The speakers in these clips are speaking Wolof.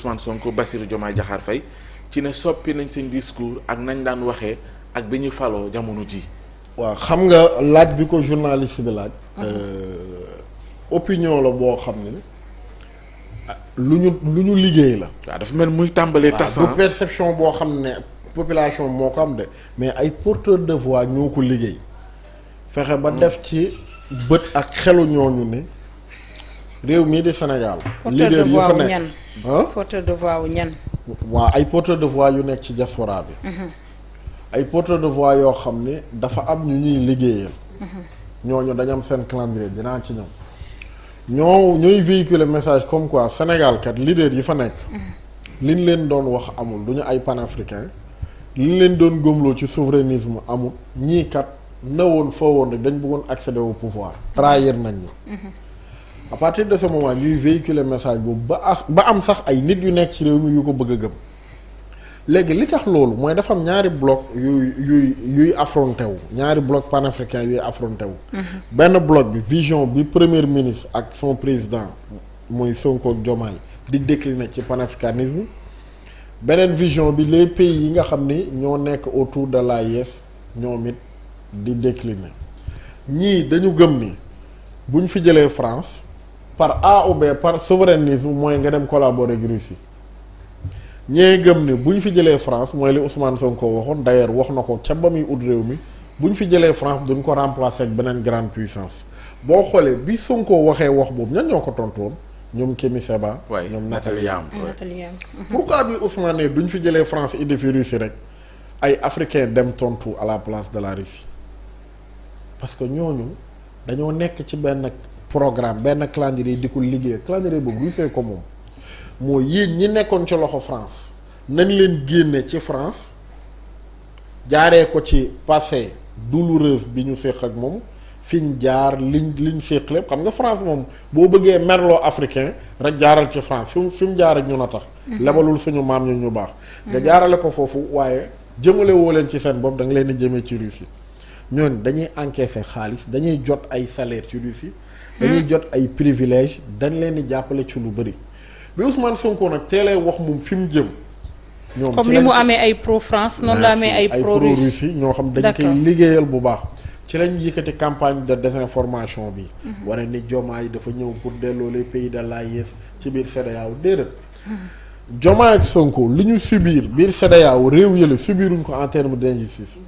Ousmane Sonko Bassirou Diomaye Diakhar fay ci ne soppi nañ seen discours ak nañ daan waxee ak bi ñu faloo jamono ji waaw xam nga laaj bi ko journaliste bi laaj ah. euh, opinion la boo xam ne ah, lu ñu lu ñu liggéey la waaw dafa mel muy tàmbalee tas du ah. perception boo xam ne population moo ko am de mais ay porteur de voix ñoo ko liggéey fexe ba def ci bët ak xelu ñooñu ne réew mii di Sénégal leader yi fa nekk ah porteur de voix wu ñan. waaw ay porteur de voix yu nekk ci diaspora bi. Mhm. ay porteur de voix yoo xam ne dafa am ñu ñuy liggéeyal. Mhm. ñooñu dañu am seen calendrier dinaa ci ñëw. ñoo ñooy véhiculer message comme quoi Sénégal kat yi fa nekk. Mhm. li ñu leen doon wax amul du ñu ay panafricain li ñu leen doon gëmloo ci souverainisme amul ñii kat na woon foo woon rek dañ bëggoon accéder au pouvoir trahir nañ ñu. à partir de ce moment ñuy véhiculer message boobu ba as ba am sax ay nit yu nekk ci réew mi yu ko bëgg a gëm léegi li tax loolu mooy dafa am ñaari bloc yuy yuy yuy affronté wu ñaari bloc panafricain yuy affronté wu. Mm-hmm. benn bloc bi vision bi premier ministre ak son président mooy Sonko ak Diomaye di décliné ci panafricanisme beneen vision bi les pays yi nga xam ni ñoo nekk autour de l'AES ñoom it di décliné ñii dañu gëm ni buñ fi jëlee France. par A ou B par souverainisme mooy nga dem collaborer ak Russie ñee gëm ne bu ñu fi jëlee France mooy li Ousmane Sonko waxoon d'ailleurs wax na ko ca ba muy ut réew mi bu fi jëlee France duñ ko remplacer ak beneen grande puissance boo xoolee bi Sonko waxee wax boobu ñan ñoo ko tontu woon ñoom Kémi Seba. ñoom Nathalie Yamb mhm. pourquoi bi Ousmane ne duñ fi jëlee France indi fi Russie rek ay africain dem tontu à la place de la Russie parce que ñooñu dañoo nekk ci benn programme benn calendrier di ko liggéey calendrier boobu lu ko moom moo yéen ñi nekkoon ci loxo France nañ leen génne ci France jaaree ko ci passé douloureuse bi ñu séq ak moom ñu jaar liñ liñ séq xam nga France moom boo bëggee merloo africain rek jaaral ci France fi mu fi mu jaar ñu ñun a tax mhm. lebalul suñu maam ñu ñu baax nga mhm. jaarale ko foofu waaye jëmale woo leen ci seen bopp da nga leen jëmee ci yi ñoon dañuy encaisser xaalis dañuy jot ay salaire ci dañuy jot ay privilèges dañ leen di jàppale ci lu bëri bi Ousmane Sonko nag teelee wax moom fi mu jëm. ñoom comme ni mu amee ay pro France noonu la amee ay pro russe ñoo xam dañ koy liggéeyal bu baax. ci lañ yëkkati campagne de désinformation bi. wara jomaa yi dafa ñëw pour delloo les pays de l'AES ci biir CEDEAO déedéet. Jomaay mhm. ak Sonko li ñu subir biir CEDEAO réew yële subiruñ ko en terme d'injustice.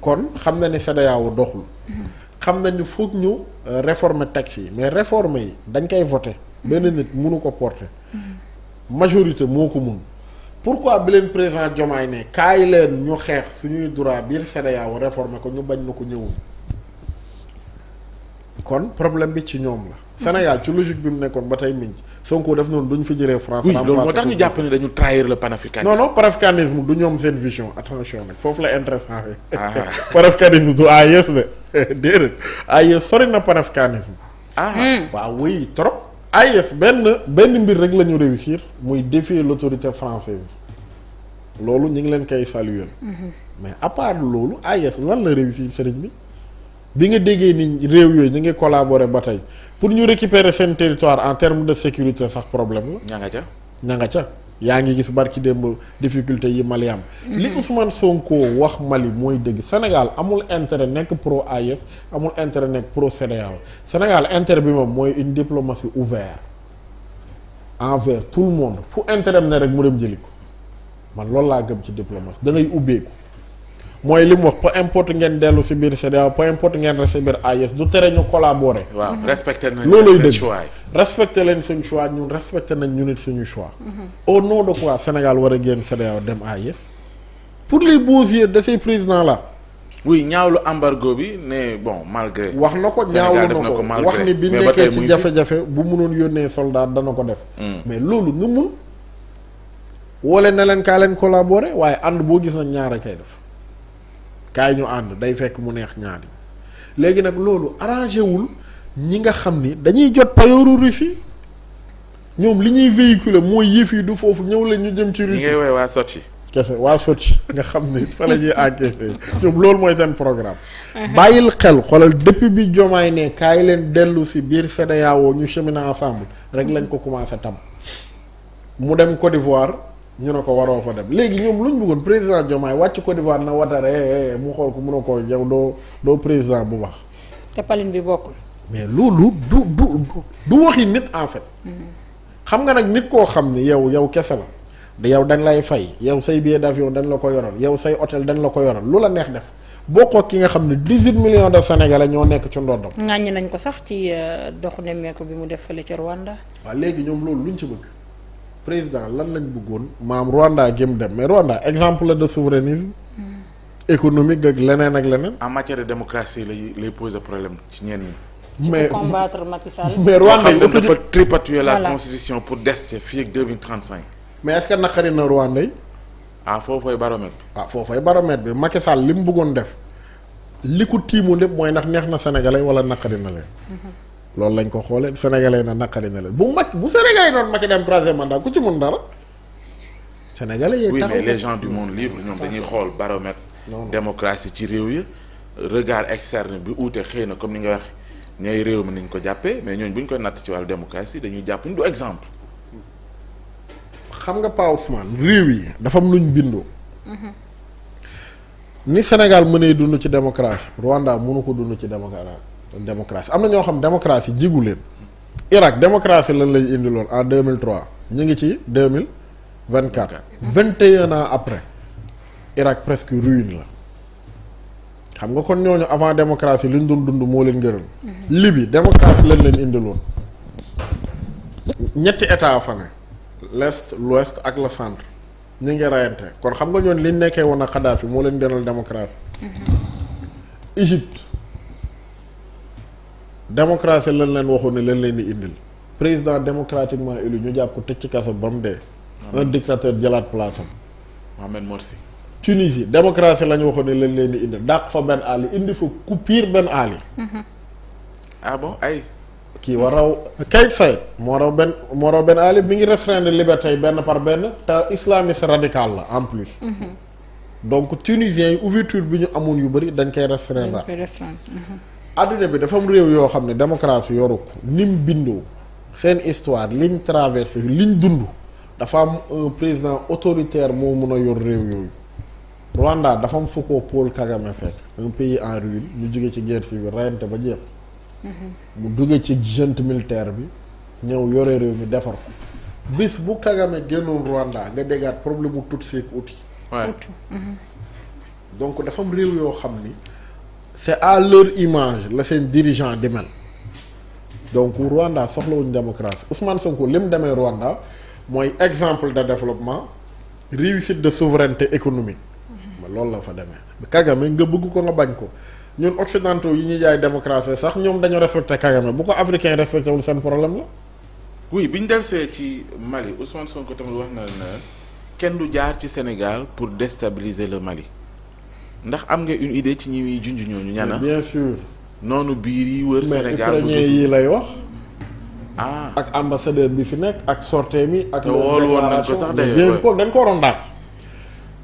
kon xam na ne CEDEAO doxul. Mhm. xam nañu foog ñu euh, réformer taxi yi mais réforme yi dañ koy voté benn mm-hmm. nit munu ko porter mm-hmm. majorité moo ko mun pourquoi bi leen président Diomaye ne kaay leen ñu xeex suñuy droit biir CEDEAO réformer ko ñu bañ na ko ñëwul kon problème bi ci ñoom la mm-hmm. Sénégal ci logique bi mu nekkoon ba tey miñ Sonko def noonu duñ fi jëlee France loolu moo tax ñu jàpp ne dañu trahir le panafricanisme non non panafricanisme du ñoom seen vision attention nag foofu la intéressant bi ah. déedéet AIS sori na panafricanisme. ah hmm. waaw oui trop. AIS benn benn mbir rek la ñu réussir muy défier l' autorité française loolu ñu ngi leen kay saluer. Mhm. mais à part loolu AIS lan la réussir sëriñ bi bi nga déggee ni réew yooyu ñu ngi collaborer ba tey pour ñu récupérer seen territoire en termes de sécurité sax problème la. ña nga ca ña nga ca. yaa ngi gis barki démb difficulté yi Mali am. li mm-hmm. Ousmane Sonko wax Mali mooy dëgg Sénégal amul intérêt nekk pro AES amul intérêt nekk pro CEDEAO Sénégal intérêt bi moom mooy une diplomatie ouverte envers tout le monde fu intérêt ne rek mu dem jëli ko man loolu laa gëm ci diplomatie da ngay ubbeeku. mooy li mu wax peu importe ngeen dellu si biir CEDEAO peu import ngeen reste si du tere ñu collaborer. waaw mhm. respecté nañ loolu seen choix respecté leen seen choix ñun respecté nañ ñu nit suñu choix. Mhm. au nom de quoi Sénégal war a génn CEDEAO dem AES. pour les beaux yeux de ces présidents ñaawlu embargo bi ne bon malgré. wax na ko ñaawlu na ko wax ni bi nekkee ci jafe-jafe bu munoon yónnee soldat dana ko def. Mm. mais loolu nga mun. woole na leen kaa leen collaborer waaye ànd boo gis na ñaar a koy def. kaay ñu ànd day fekk mu neex ñaari léegi nag loolu arrangé wul ñi nga xam ni dañuy jot payooru Russie ñoom li ñuy véhiculer mooy yëf yi du foofu ñëw la ñu jëm ci Russie. ngay woy waa Sochi. kese waa Sochi nga xam ni fa la ñuy enquêté ñoom loolu mooy seen programme. Uh-huh. bàyyil xel xoolal depuis bi Diomaye ne kaay leen dellu si biir CEDEAO ñu cheminer ensemble rek lañ ko commencé tam mu dem Côte d'Ivoire. ñu ne ko waroo fa dem léegi ñoom lu ñu bëggoon président Diomaye wàcc Côte d'Ivoire na watare eh, eh, eh, mu xool ko mënoo ko yow doo doo président bu baax. te palin bi bokkul. mais loolu du du du waxi nit en fait. xam nga nag nit koo xam ni yow yow kese la yow dañ lay fay yow say billet d'avion dañ la ko yoral yow say hôtel dañ la ko yoral lu la neex def bokkoo ki nga xam ne 18 millions de sénégalais ñoo nekk ci ndoddam. ŋàññi nañ ko sax ci euh, doxu nemmeeku bi mu def fële ca Rwanda. léegi ñoom loolu luñ ci bëgg. président lan lañ bëggoon maam Rwanda gém dem mais Rwanda exemple la de souverainisme économique ak leneen ak leneen. en matière de démocratie lay lay poser problème ci ñenn ñi. mais combattre Macky Sall. mais Rwanda yi dafa tripatouiller la constitution pour des ci fii ak mais est que naqari na Rwanda yi. ah foofay baromètre bi. ah foofay baromètre bi Macky li mu bëggoon def li ko tiimu lépp mooy ndax neex na sénégalais wala naqari na leen. Mhm. loolu lañ ko xoolee sénégalais na naqari na leen bu mag bu sénégalais doon Macky dem troisième mandat ku ci mun dara sénégalais yee oui mais les gens du monde libre ñoom dañuy xool baromètre démocratie ci réew yi regard externe bi uute xëy na comme ni nga wax ñooy réew mi nañ ko jàppee mais ñooñ bu ñu koy natt ci wàllu démocratie dañuy jàpp ñu du exemple xam nga Pa Ousmane réew yi dafam am luñ bindoo mm-hmm. ni Sénégal mënee dund ci démocratie Rwanda mënu ko dund ci démocratie démocratie am na ñoo xam démocratie jigu leen Irak démocratie lan lañ indiloon en 2003 ñu ngi ci vingt 2024 21 na après Irak presque ruine la xam nga kon ñooñu avant démocratie lu ñu doon dund moo leen gënal. Mhm. Libye démocratie lañ leen indiloon ñetti état fa ne l'est l'ouest ak la centre ñu ngi rayante kon xam nga ñoon liñ nekkee woon a Kadhafi moo leen gënal démocratie mhm. Égypte démocratie lan leen waxoon ne leen leen di indil président démocratiquement élu ñu jàpp ko tëj ci kaso ba mu dee. un dictateur jëlaat place am. Mohamed Morsi. Tunisie démocratie la ñu waxoon ne leen leen di indil dàq fa Ben Ali indi fa ku pire Ben Ali. Mhm. Ah ay. kii war raw Kayit Saïed moo raw benn moo raw Ben Ali mi ngi restreindre liberté yi benn par benn te islamiste radical la en plus. Mhm. donc tunisiens yi ouverture bi ñu amoon yu bëri dañ koy restreindre. dañ mhm. adduna bi dafa am réew yoo xam ne démocratie yoru ko nim bindoo seen histoire liñ traversé liñ dund dafa am président autoritaire moo mun a yor réew yooyu Rwanda dafa am fu ko Paul Kagame fekk un pays en ruine ñu jóge ci guerre civile reyante ba jeex mhm. mu duggee ci junte militaire bi ñëw yore réew mi defar ko bis bu Kagame génnoon Rwanda nga déggaat problème mu Tutsi ak Hutu mhm. donc dafa réew yoo xam ni te à leur image la seen dirigeant di mel donc Rwanda soxlawuñu démocratie Ousmane Sonko li mu demee Rwanda mooy exemple de développement réussite de souveraineté économique ba loolu la fa demee Kagame nga bëgg ko nga bañ ko ñun occidentaux yi ñuy jaay démocratie sax ñoom dañoo respecté Kagame bu ko africain respecté wul seen problème la oui bi ñu delsee ci Mali Ousmane Sonko tamit wax na ne kenn du jaar ci Sénégal pour déstabiliser le Mali ndax am nga une idée ci ñi muy junj ñooñu ñana bien sûr noonu biir yi wër Sénégal premier yi lay wax ah ak ambassadeur bi fi nekk ak sorte mi ak woolu woon nañ dañ ko dañ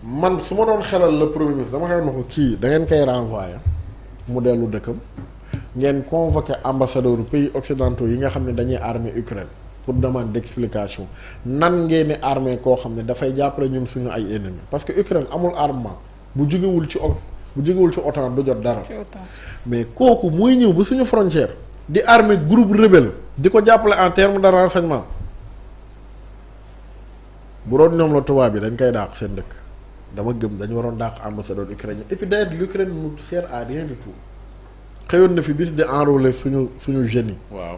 man su ma doon xelal la premier ministre dama xelal ma ko kii dangeen ngeen koy renvoyer mu dellu dëkkam ngeen convoqué ambassadeur pays occidentaux yi nga xam ne dañuy armée Ukraine pour demande d'explication nan ngeen armée koo xam ne dafay jàppale ñun suñu ay ennemis parce que Ukraine amul armement bu jugewul ci o bu jógewul ci OTAN du jot dara mais kooku mooy ñëw ba suñu frontière di armée group rebelle di ko jàppale en terme de renseignement bu doon ñoom la tubaab bi dañ koy dàq seen dëkk dama gëm dañu waroon dàq ambassadeur ukrainien et puis d'ailleurs l'Ukraine ne sert à rien du tout xëyoon na fi bis di enrôler suñu suñu jeunes yi waaw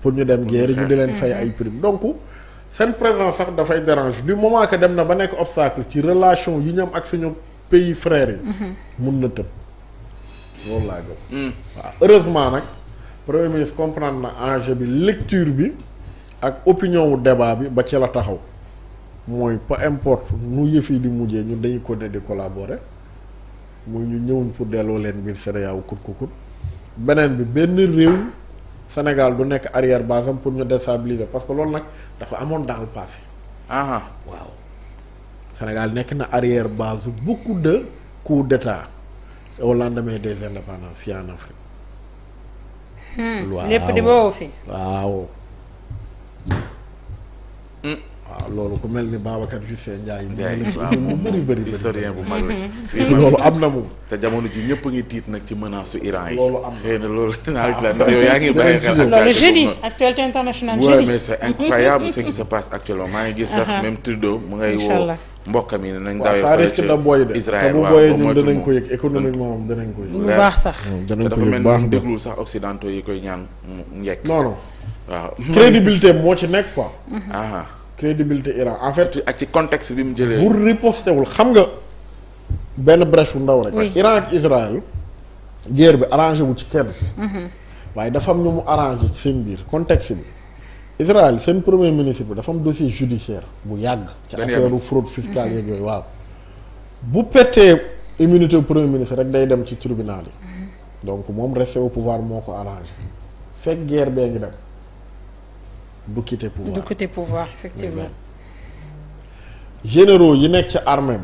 pour ñu dem guerre ñu di leen fay mm-hmm. ay prime donc seen présence sax dafay dérange du moment que dem na ba nekk obstacle ci relation yi ñoom ak suñu pays frères yi. Mhm. mun na tëb loolu laa gëm. Mm. waaw heureusement nag premier ministre comprendre na enjeu bi lecture bi ak opinion wu débat bi ba ci la taxaw mooy peu importe nu yëf yi di mujjee ñun dañuy continuer di collaborer mooy ñu ñëwuñ pour delloo leen mbir CEDEAO kut ku kut beneen bi benn réew Sénégal du nekk arrière base pour ñu déstabiliser parce que loolu nag dafa amoon dans le waaw. senegal nekk na arrière base beaucoup de coups d'État au lendemain des indépendances fii en Afrique. Hmm, waaw lépp di boobu fi. waaw. Hmm. loolu ku mel ni Babacar Justin Ndiaye. Ndiaye mu bëri bëri historien bu mag la ci. loolu am na moom. te jamono ji ñëpp a ngi tiit nag ci menace Iran yi. loolu am na xëy na loolu dinaa la ndax yaa ngi bàyyi xel. ak loolu jeudi actualité internationale jeudi. mais maa ngi gis sax uh-huh. même Trudeau mu ngay woo. mbokkam yi nañ dawee ça risque na booy de Israël bu booyee ñun danañ ko yëg économiquement mm. moom danañ ko yëg lu baax sax mm, danañ ko yëg dafa mel ni déglu sax occidentaux yi koy ñaan mu njekk non non waaw crédibilité moo ci nekk quoi aa crédibilité Iran en fait ak ci contexte bi mu jëlee bu riposté wul xam nga benn brèche bu ndaw rek Iran ak Israël guerre bi arrangé wu ci kenn mhm. waaye dafa am ñu mu arrangé seen biir contexte bi Israël seen premier ministre bi dafa am dossier judiciaire bu yàgg. ci affaire fraude fiscale mhm. yeeg yooyu waaw. bu pettee immunité premier ministre rek day dem ci tribunal yi. Mhm. donc moom rester au pouvoir moo ko arrangé. fekk guerre bee ngi dem du quitter yi nekk ci armée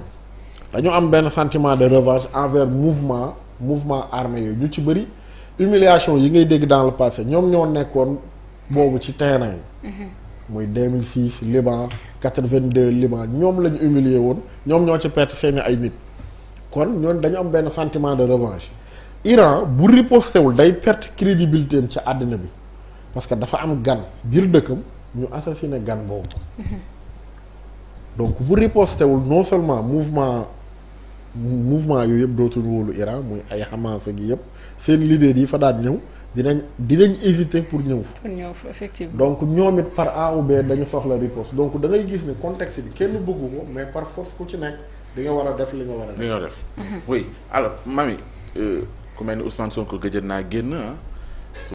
dañu am benn sentiment de revanche envers mouvement mouvement armé yooyu ñu ci bëri humiliation yi ngay dégg dans le passé ñoom ñoo nekkoon. boobu ci terrain bi. Mm-hmm. muy 2006 vingt deux Liban ñoom la ñu humilier woon ñoom ñoo ci perte seeni ay nit. kon ñoon dañu am benn sentiment de revanche Iran bu riposté wul day perte crédibilité am ci àddina bi parce que dafa am gan biir dëkkam ñu assassiné gan boobu. Mm-hmm. donc bu riposté non seulement mouvement. mouvement yooyu yëpp dootul wóolu Iran muy ay Hamas gi yëpp seen leader yi fa daan ñëw dinañ dinañ hésiter pour ñëw. pour ñëw effectivement. donc ñoom it par A ou B dañu soxla riposte donc da ngay gis ne contexte bi kenn bëggu ko mais par force ku ci nekk di nga war a def li nga war a def. li nga def oui alors mami euh, ku mel ni Ousmane Sonko gëjën naa génn ah.